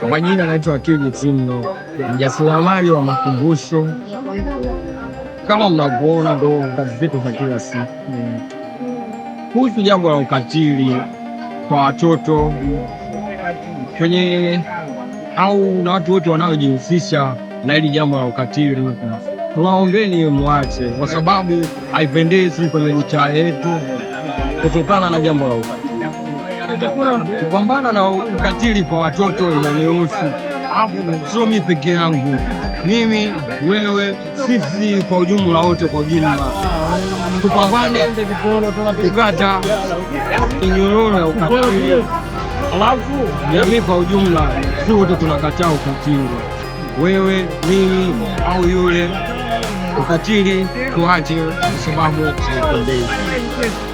Kwa majina naitwa Akili Timno, mjasiriamali wa makumbusho. Kama mnavyoona, ndo kazi zetu za kila siku kuhusu jambo la ukatili kwa watoto kwenye au na watu wote wanaojihusisha na hili jambo la ukatili tunaombeni mwache, kwa sababu haipendezi kwenye ucha yetu kutokana na jambo la ukatili. Kupambana na ukatili kwa watoto inanihusu, sio mimi peke yangu, mimi, wewe, sisi kwa ujumla, wote kwa ujumla tupambane kukata nyororo ya ukatili, alafu jamii kwa ujumla, si wote tunakataa ukatili wewe, mimi au yule ukatili tuache, kwa sababu haupendezi.